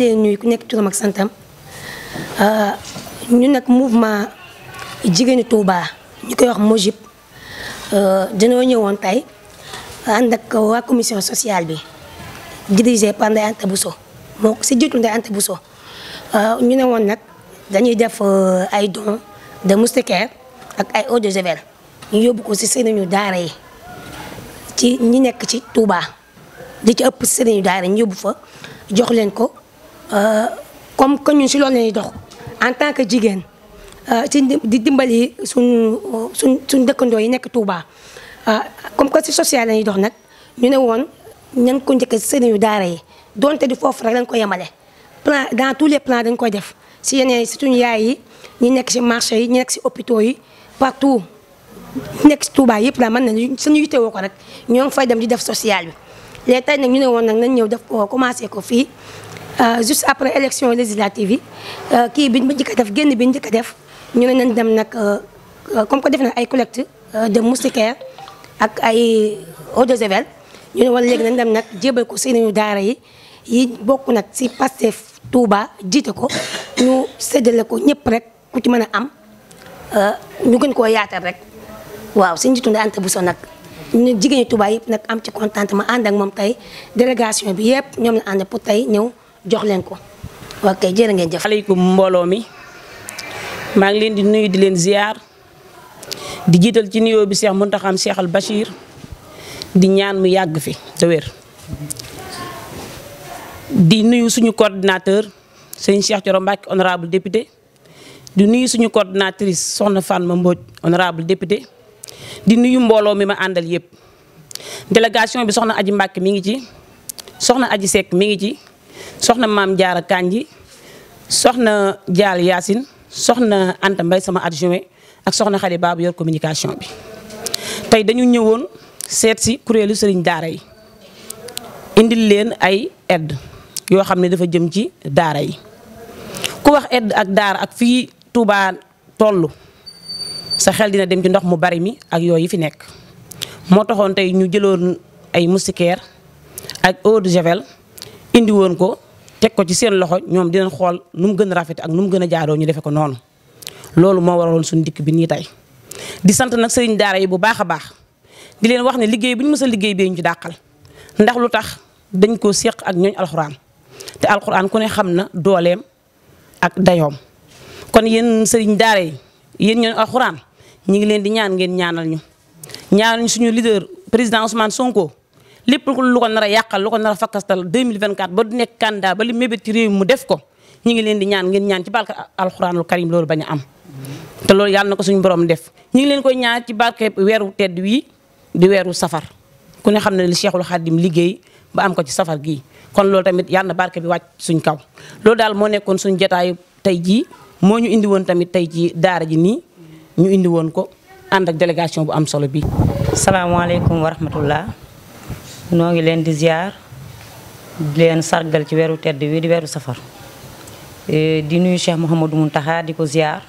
leen nuyu ku nekk turam ak santam euh, ñu nag mouvement jigéenu Touba ñu koy wax MOJIP euh, dañoo ñëwoon tey ànd ak waa commission sociale bi dirigé par Ndeye Anta Bousso moo si jiitu Ndeye Anta Bousso euh, ñu ne woon nag dañuy def ay dons de moustiquaire ak ay eau ñu yóbbu ko si sëriñu daara yi ci ñi nekk ci Touba di ci ëpp sëriñu daara ñu yóbbu fa jox leen ko Euh, comme que ñu si loolu la ñuy dox en tant que jigéen euh, ci di dimbali suñ suñ suñ dëkkandoo yi nekk Touba euh, comme que si social la ñuy dox nag ñu ne woon ñan ko njëkk sëriñu daara yi donte di foofu rek lañ ko yemale plan dans tous les plans dañ koy def si yeneen suñu yaay yi ñu nekk si marché yi ñi nekk si hôpitaux yi partout nekk si Touba yëpp daal mën nañu suñu yittewoo ko rek ñoo ngi fay dem di def social bi léegi tey ñu ne woon nag nañ ñëw def ko commencé ko fii Euh, juste après élection législative yi euh, kii biñ ba njëkk a def génn bi njëkk a def ñu ne nañ dem nag euh, comme que def na ay collecte de moustiquaire ak ay eau de javel ñu ne wala léegi nañ dem nag jébal ko seeni daara yi yi bokku nag si Pastef Touba jiite ko ñu séddale ko ñëpp rek ku ci mën a am ñu gën koo yaatal rek waaw suñu jiitu Ndeye Anta Bousso nag ñu jigéen ñi Touba yëpp nag am ci contentement ànd moom tey délégation bi yëpp ñoom la ànd pour tey ñëw. jox leen ko waa kay ngeen jëf. aleykum mbooloo mi maa ngi leen di nuyu di leen ziar di jiital ci nuyoo bi Cheikh Mountakha Cheikh seexal Bachir di ñaan mu yàgg fi te wér di nuyu suñu coordinateur sëñ Cheikh Thioro Mbacke honorable député di nuyu suñu coordinatrice soxna Fatma Mbodj honorable député di nuyu mbooloo mi ma àndal yëpp délégation bi soxna Aji Mbacke mi ngi ci soxna Aji Seck mi ngi ci. soxna maam Jaara Kanji soxna Jaal Yaasin soxna Anta Mbay sama adjoint ak soxna Xadi Baabu yor communication bi tey dañu ñëwoon seet si kuréelu sëriñ daara yi indil leen ay edd yoo xam ne dafa jëm ci daara yi ku wax edd ak daara ak fii tuubaa tollu sa xel dina dem ci ndox mu bari mi ak yooyu fi nekk moo taxoon tey ñu jëloon ay moustiquaire ak eau de javel indi woon ko teg ko ci seen loxo ñoom dinañ xool nu mu gën a rafet ak nu mu gën a jaaroo ñu defe ko noonu loolu moo waraloon suñu dikk bi nii tey di sant nag sëriñ daara yi bu baax a baax di leen wax ne liggéey bi ñu mës a liggéey bee ñu ci dàqal ndax lu tax dañ koo séq ak ñooñ alxuraan te alxuraan ku ne xam na dooleem ak dayoom kon yéen sëriñ daara yi yéen ñooñ alxuraan ñi ngi leen di ñaan ngeen ñaanal ñu ñaanal ñu suñu leader président Ousmane Sonko lépp lu ko nar a yàqal lu ko nar a fakkastal 2024 ba du nekk candidat ba li mébét ci réew mu def ko ñu ngi leen di ñaan ngeen ñaan ci barke alxuraanul karim loolu bañ a am te loolu yàlla na ko suñu borom def ñu ngi leen koy ñaan ci barke weeru tedd wii di weeru safar ku ne xam ne li Cheikhul Khadim liggéey ba am ko ci safar gii kon loolu tamit yàlla na barke bi wàcc suñ kaw loolu daal moo nekkoon suñ jotaayu tey jii moo ñu indi woon tamit tey jii daara ji nii ñu indi woon ko ànd ak délégation bu am solo bi salaamaaleykum wa rahmatullah noo ngi leen di ziar leen sargal ci weeru tedd wi di weeru safar e, di nuyu Cheikh Mouhamadou taxaar di ko ziar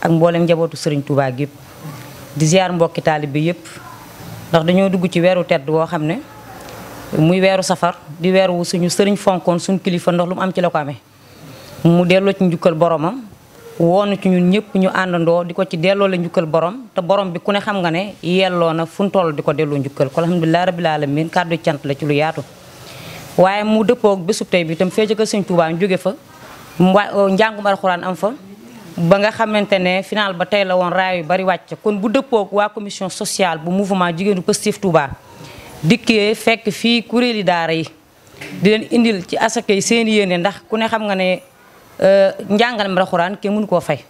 ak mboolem njabootu Serigne Touba gépp di ziar mbokki taalib bi yëpp ndax dañoo dugg ci weeru tedd woo xam ne muy weeru safar di weer suñu sëriñ fonkoon suñu kilifa ndox lu mu am ci la ko amee mu delloo ci njukkal boromam woonu ci ñun ñëpp ñu àndandoo di ko ci delloo la njukkal borom te borom bi ku ne xam nga ne yelloo na fu mu toll di ko delloo njukkal ko alhamdulilah rabil alamin kàddu cant la ci lu yaatu waaye mu dëppoog bésub tey bi itam fee ca kër Sëñ Tuubaa ñu jóge fa wa euh, njàngum alxuraan am fa ba xamante ne final ba tey la woon raay yu bari wàcc kon bu dëppoog waa commission sociale bu mouvement jigéenu Pastef Touba ci asaka yi seen ndax ku ne xam nga ne Euh, njàngalem raxuraan kenn mënu koo fay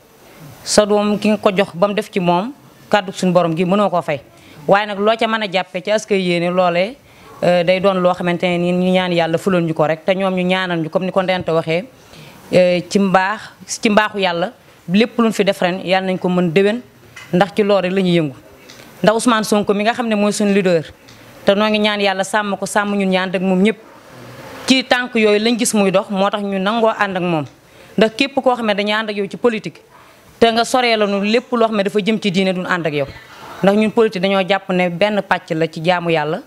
sa doom ki nga ko jox ba mu def ci moom kàddu suñu borom gi mënoo koo fay waaye nag loo ca mën a jàppe ci aska yéene loole euh, day doon loo xamante ne ni ñu ñaan yàlla fulal ñu ko rek te ñoom ñu ñaanal ñu comme ni ko Ndente waxee euh, ci mbaax ci mbaaxu yàlla lépp luñ fi def ren yàlla nañ ko mën déwén ndax ci loolu rek ñuy yëngu ndax Ousmane Sonko mi nga xam ne mooy suñu leader te noo ngi ñaan yàlla sàmm ko sàmm ñu ñaan ak moom ñëpp ci tànk yooyu lañ gis muy dox moo tax ñu nangoo ànd ak moom ndax képp koo xam ne dañuy ànd ak yow ci politique te nga soree la nu lépp loo xam ne dafa jëm ci diine duñ ànd ak yow ndax ñun politique dañoo jàpp ne benn pàcc la ci jaamu yàlla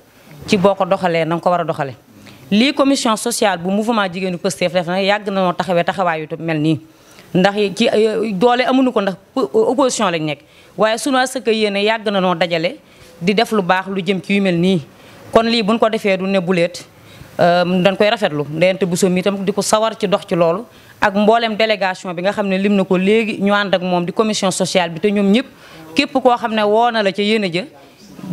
ci boo ko doxalee na nga ko war a doxalee lii commission sociale bu mouvement jigéenu Pastef def na yàgg na noo taxawee taxawaayu mel nii ndax ci euh, doole amuñu ko ndax opposition lañ nekk waaye sunu asaka yéene yàgg na noo dajale di def lu baax lu jëm ci yu mel nii kon lii buñ ko defee du ne buleet euh, dan koy rafetlu ndeyante bu soom tam di ko sawar ci dox ci loolu ak mboolem délégation bi nga xam ne lim na ko léegi ñu ànd ak moom di commission sociale bi te ñoom ñëpp képp koo xam ne woo na la ca yéen a jë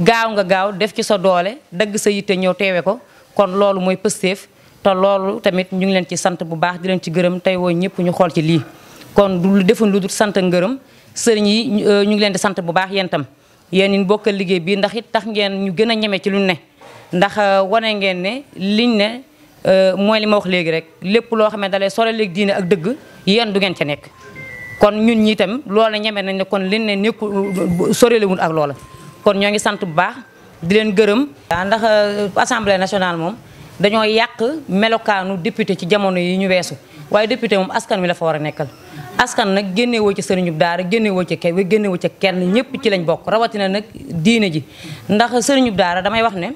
gaaw nga gaaw def ci sa doole dagg sa yitte ñëw teewe ko kon loolu mooy pësteef te loolu tamit ñu ngi leen ci sant bu baax di leen ci gërëm tey woo ñëpp ñu xool ci lii kon du defun lu dul sant ngërëm sëriñ yi euh, ñu ngi leen di sant bu baax yéen itam yéen ñi bokkal liggéey bi ndax it tax ngeen ñu gën a ñeme ci luñ ne ndax euh, wane ngeen ne liñ ne Euh, mooy li ma wax léegi rek lépp loo xam ne dalay sore léegi diine ak dëgg yéen du ngeen ca nekk kon ñun ñi itam loola ñeme nañ ne kon liñ ne nekku sorelewul ak loola kon ñoo ngi sant bu baax di leen gërëm ndax euh, assemblée nationale moom dañoo yàq melokaanu député ci jamono yi ñu weesu waaye député moom askan wi la fa war a nekkal askan nag génnewoo ci sëriñu daara génnewoo ci ke génnewoo ci kenn ñëpp ci lañ bokk rawatina nag diine ji ndax sëriñu daara damay wax ne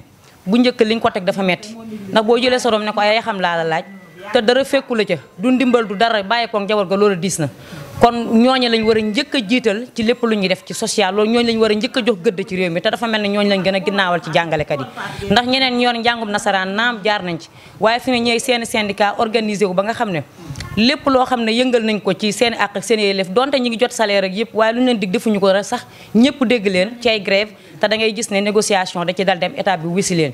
bu njëkk liñ ko teg dafa metti ndax boo jëlee sa doom ne ko ay xam laa la laaj te dara fekku la ca du ndimbal du dara bàyyi ko ga loolu diis na kon ñooñu lañ war a njëkk jiital ci lépp lu ñuy def ci social loolu ñooñu lañ war a njëkk jox gëdd ci réew mi te dafa mel ne ñooñu lañ gën a ginnaawal ci jàngalekat yi ndax ñeneen yoon njàngum nasaraan naam jaar nañ ci waaye fi ne ñooy seeni syndicat organisé wu ba nga xam ne lépp loo xam ne yëngal nañ ko ci seen àq ak seen yelleef donte ñi ngi jot salaire ak yëpp waaye lu ñu leen dig defuñu ko rek sax ñëpp dégg leen ci ay te da gis ne négociation da ci dal dem état bi wisi leen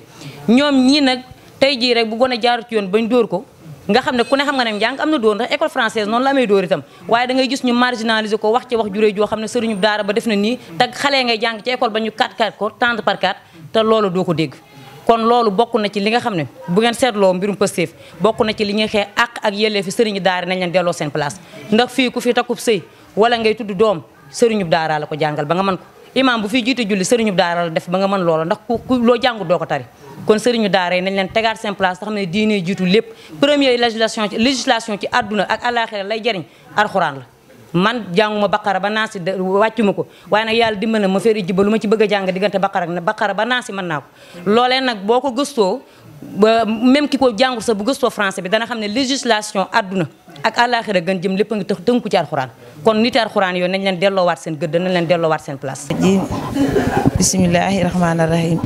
tey jii rek bu a jaaru ci yoon bañ dóor ko nga xam ne ku ne xam nga ne njàng am na dóor ndax école française noonu la amee dóor itam waaye da ngay gis ñu marginaliser ko wax ci wax juree joo xam ne sëriñu daara ba def na nii te xale ngay jàng ci école ba ñu 4 4 ko tendre par 4 te loolu doo ko dégg kon loolu bokk na ci li nga xam ne bu ngeen seetloo mbirum Pastef bokk na ci li ñuy xee àq ak yelleefi sëriñu daara nañ leen delloo seen place ndax fii ku fi takkub sëy wala ngay tudd doom sëriñu daara la ko jàngal ba nga mën ko imam bu fi jiite julli sëriñu daara la def ba nga mën loola ndax ku loo jàngu ko tari kon sëriñu daara yi nañ leen tegaat seen place nga ne diine jiitu lépp première législation ci législation ci àdduna ak àllaaxira lay jariñ alxuraan la man jànguma baqara ba naasi ma ko waaye nag yàlla dimbal na ma féer i jiba ma ci bëgg a jàng diggante baqara ak baqara ba naasi mën naa ko loolee nag boo ko gëstoo ba même ki ko jàngu sa bu gëstoo français bi dana xam ne législation àdduna ak àllaaxira gën jëm lépp a ngi tënku ci alxuraan kon nit alxuraan yooyu nañ leen delloowaat seen gëdd nañ leen delloowaat seen place. ji bisimilahi rahmaani rahim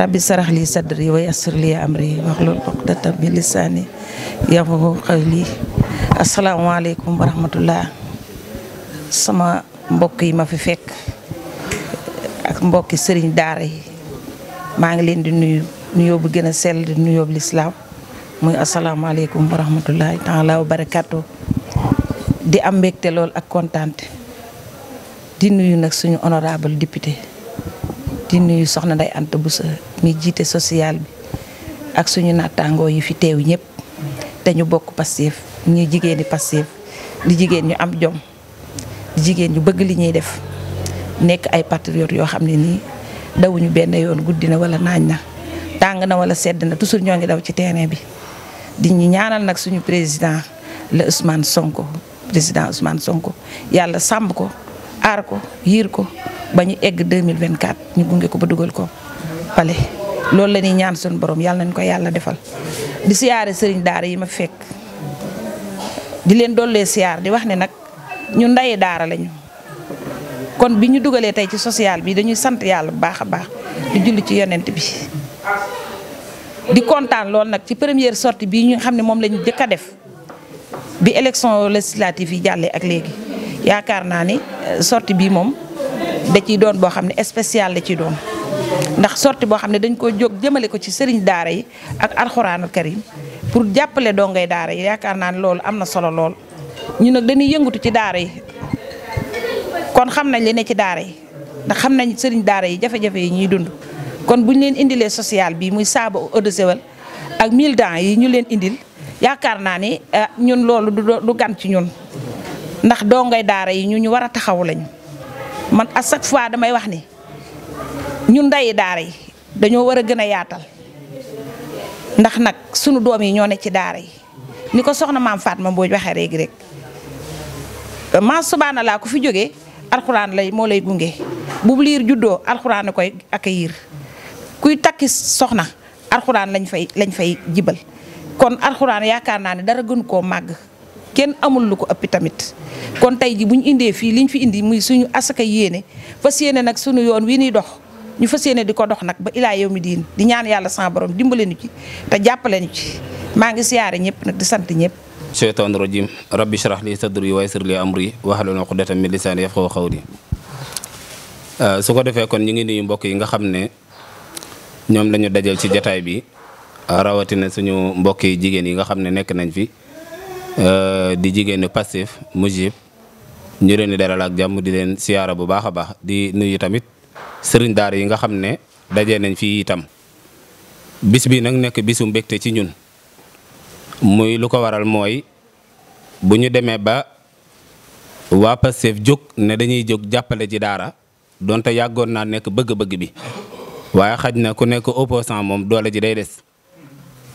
rabbi sarax li sadri wa yassir li amri wahlul uqdatan min lisaani yafqahu qawli asalaamaaleykum wa rahmatullah sama mbokk yi ma fi fekk ak mbokki sëriñ daara yi maa ngi leen di nuyu nuyoo bu gën a sell di nuyoo bu lislaam muy asalaamaaleykum wa rahmatullahi taala wa barakaatu di am mbégte lool ak kontaante di nuyu nag suñu honorable député di nuyu soxna Ndeye Anta Bousso mi jiite sociale bi ak suñu naataangoo yi fi teew ñëpp te bokk Pastef ñuy jigéen ñi Pastef di jigéen ñu am jom di jigéen ñu bëgg li ñuy def nekk ay patriotes yoo xam ne nii dawuñu benn yoon guddi na wala naañ na tàng na wala sedd na toujours ñoo ngi daw ci terrain bi di ñu ñaanal nag suñu président la Ousmane Sonko président Ousmane Sonko yàlla sàmb ko aar ko yiir ko ba ñu egg 2024 ñu gunge ko ba dugal ko pale loolu la ñuy ñaan suñu boroom yàlla nañ ko yàlla defal di siyaare sëriñ daara yi ma fekk di leen dollee siyaar di wax ne nag ñu ndaye daara lañu kon bi ñu dugalee tey ci social bi dañuy sant yàlla bu baax a baax di julli ci yonent bi di kontaan lool nag ci première sortie bii ñu xam ne moom lañu jëkk a def bi élection législative yi jàllee ak léegi yaakaar naa ni euh, sortie bii moom de ciy doon boo xam ne spécial da ciy doon ndax sortie boo xam ne dañ koo jóg jëmale ko ci sëriñ daara yi ak alxuraanul karim pour jàppale dongay daara yi yaakaar naa ne loolu am na solo lool ñu nag dañuy yëngatu ci daara yi kon xam nañ li ne ci daara yi ndax xam nañ sëriñ daara yi jafe-jafe yi ñuy dund kon buñ leen indilee social bi muy saabu eau de ak 1000 dents yi ñu leen indil yaakaar naa ni eh, ñun loolu du gan ci ñun ndax dongay daara yi ñu ñu war a taxaw lañu man à chaque fois damay wax ni ñun ndeyi daara yi dañoo war a gën a yaatal ndax nag sunu doom yi ñoo nekk ci daara yi ni ko soxna maam Fatma Mbooj waxee léegi rek maa subaana laa ku fi jóge alxuraan lay moo lay gunge bu liir juddoo alxuraan a koy yiir kuy takki soxna alxuraan lañ fay lañ fay jibal kon alxuraan yaakaar naa ne dara gën koo màgg kenn amul lu ko ëppi tamit kon tey ji bu ñu indee fii liñ fi indi muy suñu asaka yéene fas yéene nag suñu yoon wi nuy dox ñu fas yéene di ko dox nag ba ilaa yow mi diin di ñaan yàlla sama borom dimbale ñu ci te jàppale ñu ci maa ngi siyaare ñëpp nag di sant ñëpp cheytaan rajim rabbi shrah li sadri wa yassir li amri wahlul uqdatan min lisaani yafqahu qawli su ko defee kon ñu ngi nuyu mbokk yi nga xam ne ñoom la dajal ci jataay bi rawatina suñu mbokki jigéen yi nga xam ne nekk nañ fi euh, di jigéenu Pastef Mujib ñu leen di dalal ak jàmm di leen siyaara bu baax a baax di nuyu tamit sëriñ daar yi nga xam ne daje nañ fi itam bis bi nag nekk bisu mbégte ci ñun muy lu ko waral mooy bu ñu demee ba waa Pastef jóg ne dañuy jóg jàppale ci daara donte yàggoon naa nekk bëgg-bëgg bi waaye xaj na ku nekk opposant moom doole ji day des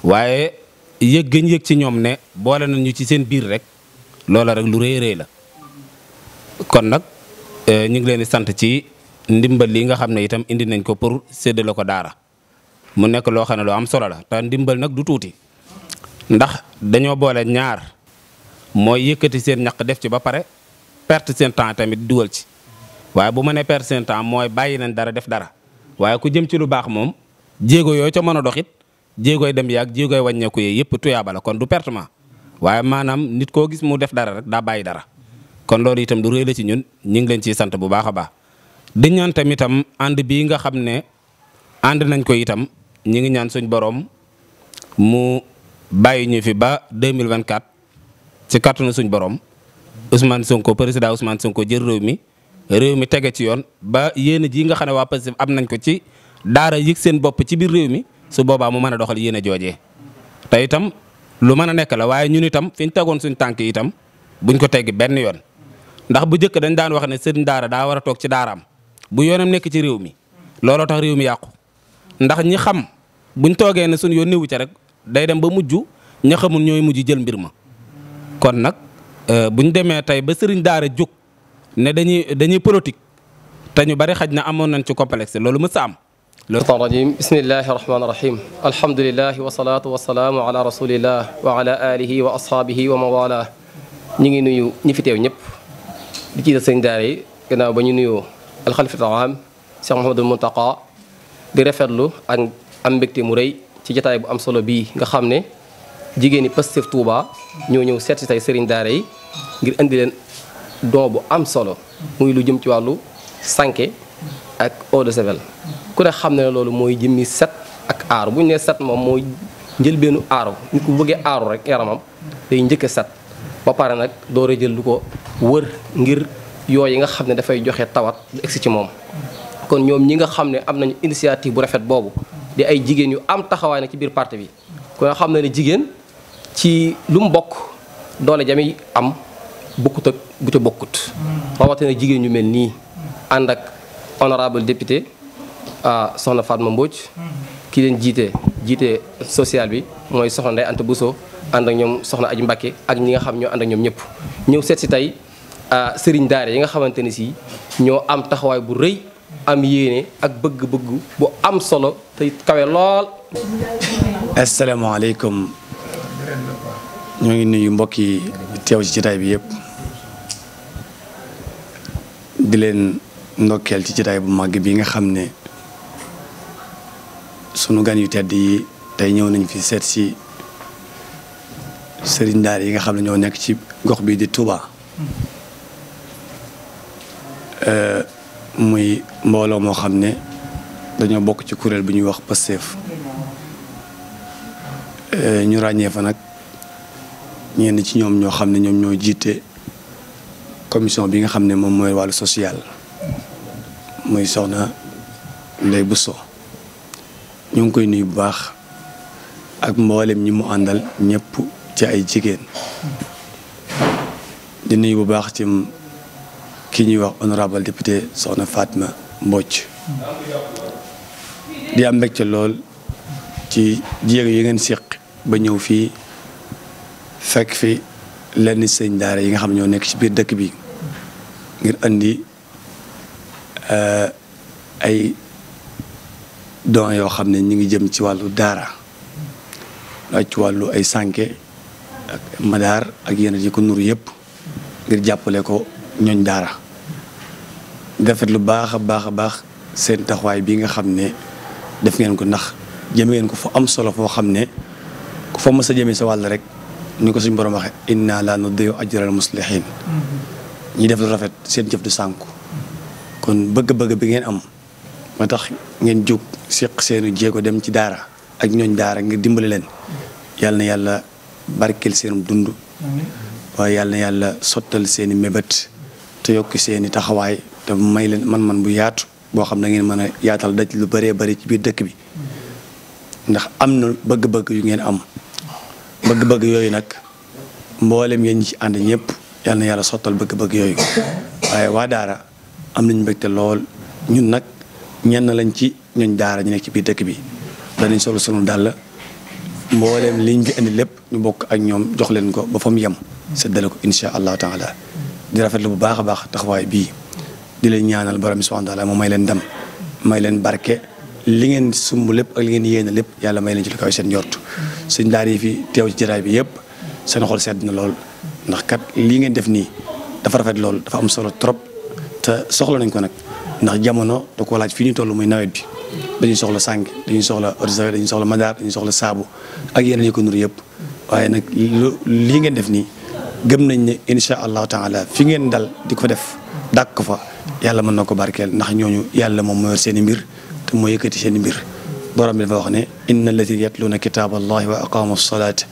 waaye yëg gëñ yëg ci ñoom ne boole nañu ci seen biir rek loola rek lu rëy rëy la kon nag euh, ñu ngi leen di sant ci ndimbal li nga xam ne itam indi nañ ko pour séddale ko daara mu nekk loo xam ne loo am solo la te ndimbal nag du tuuti ndax dañoo boole ñaar mooy yëkkati seen ñaq def ci ba pare perte seen temps tamit dugal ci waaye bu ma nee perte seen temps mooy bàyyi nañ dara def dara waaye ku jëm ci lu baax moom jéego yooyu ca mën a dox it jéegoy dem yaag jéegoy wàññeeku yee yëpp tuyaaba la kon du pertement waaye maanaam nit koo gis mu def dara rek daa bàyyi dara kon loolu itam du rëy la ci ñun ñu ngi leen ciy sant bu baax a baax di ñaan tamit itam ànd bii nga xam ne ànd nañ ko itam ñi ngi ñaan suñ borom mu bàyyi ñu fi ba 2024 ci kàttanu suñ borom Ousmane Sonko président Ousmane Sonko jël réew mi réew mi tege ci yoon ba yéen ji nga xam ne waa Pastef am nañ ko ci daara yëg seen bopp ci biir réew mi. su boobaa mu mën a doxal yéene joojee tey itam lu mën a nekk la waaye ñun itam fi ñu tegoon suñ tànk itam buñ ko teggi benn yoon ndax bu njëkk dañ daan wax ne sëriñ daara daa war a toog ci daaraam bu yoonam nekk ci réew mi looloo tax réew mi yàqu ndax ñi xam buñ toogee ne suñ yoon néewu ca rek day dem ba mujj ña xamul ñooy mujj jël mbir ma kon nag euh, buñ demee tey ba sëriñ daara jóg ne dañuy dañuy politique te ñu bari xaj na amoon nañ ci complexe loolu mës a am الشيطان الرجيم بسم الله الرحمن الرحيم الحمد لله والصلاة والسلام على رسول الله وعلى آله وأصحابه ومن والاه ñu ngi nuyu ñi fi ñëpp di ci sëñ daara yi gannaaw ba ñu nuyoo alxalifatul aam Cheikh Mouhamadul Muntaqa di rafetlu ak am mbégte mu rey ci jataay bu am solo bii nga xam ne jigéen ñi Pastef Touba ñoo ñëw seet si tey sëriñ daara yi ngir indi leen don bu am solo muy lu jëm ci wàllu sanke ak eau de javel ku ne xam ne loolu mooy jëmmi set ak aaru bu ñu nee set moom mooy njëlbeenu aaru nit ku bëggee aaru rek yaramam day njëkk a set ba pare nag doore a jël lu ko wër ngir yooyu nga xam ne dafay joxe tawat du egsi ci moom. kon ñoom ñi nga xam ne am nañu initiative bu rafet boobu di ay jigéen yu am taxawaay na ci biir parti bi ku nga xam ne ne jigéen ci lu mu bokk doole jami am bokkut ak bu ca bokkut rawatina jigéen ñu mel nii ànd ak honorable député. ah soxna Fatma Mbodj ki leen jiite jiite social bi mooy soxna Ndeye Anta Bousso ñoom soxna Aji Mbacke ak ñi nga xam ñoo ñoom ñëpp ñëw seet si tey sëriñ daara yi nga xamante ni si ñoo am taxawaay bu rëy am yéene ak bëgg-bëgg bu am solo te kawe lool asalaamaaleykum ñoo ngi nuyu mbokk yi teew ci jotaay bi yëpp di leen ndokkeel ci jotaay bu màgg bi nga xam ne sunu gan yu tedd yi tey ñëw nañ fi seet si sëriñ yi nga xam ne ñoo nekk ci gox bii di Touba. Eh, muy mbooloo moo xam ne dañoo bokk ci kuréel bi ñuy wax Pastef eh, ñu ràññee fa nag ñenn ci ñoom ñoo xam ne ñoom ñoo jiite commission bi nga xam ne moom mooy wàllu social muy soxna Ndeye Bousso ñu ngi koy nuyu bu baax ak mboolem ñi mu àndal ñépp ci ay jigéen di nuyu bu baax ci ki ñuy wax honorable député soxna Fatma Mbodj di am mbégte lool ci jéego yi ngeen séq ba ñëw fii fekk fi lenn sëñ daara yi nga xam ñoo nekk ci biir dëkk bi ngir indi euh, ay don yoo xam ne ñu ngi jëm ci wàllu daara ci wàllu ay sànke ak madaar ak yenn yi ko nuru yëpp ngir jàppale ko ñooñ daara rafet lu baax a baax a baax seen taxawaay bi nga xam ne def ngeen ko ndax jëme ngeen ko fu am solo foo xam ne ku fa mës a jëmee sa wàll rek ni ko suñ borom waxee inna la nudiyu ajral muslihin mm-hmm. ñi def lu rafet seen jëf du sànku kon bëgg-bëgg bi ngeen am ma tax ngeen jóg seq seenu jéego dem ci daara ak ñooñ daara ngir dimbali leen yàlla na yàlla barkeel seenum dund waaye yàlla na yàlla sottal seeni mébét te yokk seeni taxawaay te may leen man-man bu yaatu boo xam na ngeen mën a yaatal daj lu bëree bëri ci biir dëkk bi ndax am na bëgg-bëgg yu ngeen am bëgg-bëgg yooyu nag mboolem yéen ñi ci ànd ñëpp yal yàlla sottal bëgg-bëgg yooyu waaye waa daara am nañu mbégte lool ñun nag ñenn lañ ci ñoñ daara ñu nekk ci biir dëkk bi danañ solo sunu dàll mboolem liñ fi indi lépp ñu bokk ak ñoom jox leen ko ba fa mu yem séddale ko insha allahu taala di rafetlu bu baax a baax tax taxawaay bii di leen ñaanal borom bi subhanahu wa moom may leen dem may leen barke li ngeen sumb lépp ak li ngeen yéene lépp yàlla may leen ci lu kaw seen njort suñ daara yi fi teew ci jaraay bi yëpp seen xol sedd na lool ndax kat lii ngeen def nii dafa rafet lool dafa am solo trop te nañ ko nag ndax jamono da ko laaj fi ñu toll mooy nawet bi dañuy soxla sànq dañuy soxla ordinateur dañuy soxla madaar dañuy soxla saabu ak yeneen yi ko nur yëpp waaye nag lii ngeen def nii gëm nañ ni ne incha allahu taala fi ngeen dal di ko def dàq ko fa yàlla mën na ko barkeel ndax ñooñu yàlla moom moo yor seen i mbir te moo yëkkati seen i mbir borom bi dafa wax ne inna allazina yatluuna kitaaba allahi wa aqaamu salaata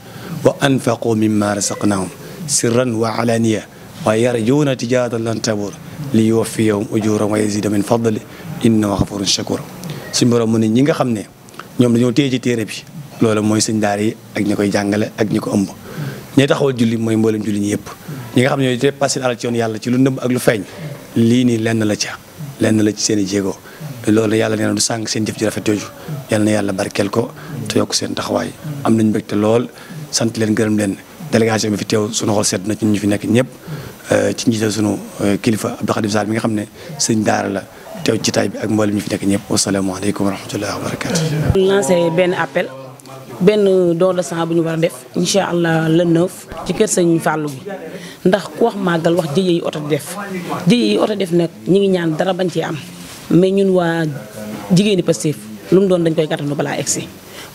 wa anfaqu mimma razaqnahum sirran wa alaaniya wa yarjuuna tijaaratan lan tabuur li yuwaffiyahum ujurahum wa yazida min fadli innahu ghafurun shakur suñ borom mu ne ñi nga xam ne ñoom dañoo téye ci téere bi loolu mooy sëñ daara yi ak ñi koy jàngale ak ñi ko ëmb ñay taxawal julli mooy mboolem julli ñi yëpp ñi nga xam ne ñooy te passé alal ci yoon yàlla ci lu nëbb ak lu feeñ lii nii lenn la ca lenn la ci seen i jéego loolu yàlla nee na du sànq seen jëf ji rafet jooju yal na yàlla barkeel ko te yokk seen taxawaay am nañ mbégte lool leen gërëm leen délégation bi fi teew sunu xol sedd na ci ñu fi nekk ñëpp euh, ci njiital sunu euh, kilifa Abdou Khadim mi nga xam ne sëñ daara la teew ci taay bi ak mboolem ñu fi nekk ñëpp wasalaamaaleykum wa rahmatullahi wa barakaatu. lancé benn appel benn don de sang bu ñu war a def incha allah le 9 ci kër sëñ Fallou bi ndax ku wax màggal wax jëye yi oto def jëye yi oto def nag ñi ngi ñaan dara bañ ci am mais ñun waa jigéeni Pastef lu mu doon dañ koy gàttanu balaa egsi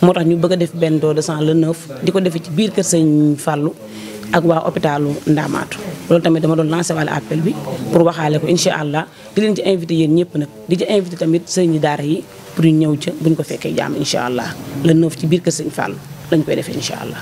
moo tax ñu bëgg a def benn doo de sang le 9 di ko defee ci biir kër sëñ Fallou ak waa hôpitalu Ndamaatu loolu tamit dama doon lancé wàllu appel bi pour waxaale ko incha allah di leen ci invité yéen ñëpp nag di ci invité tamit sëñ daara yi pour ñu ñëw ca bu ñu ko fekkee jàmm incha allah le 9 ci biir kër sëñ Fallou lañ koy defee incha allah.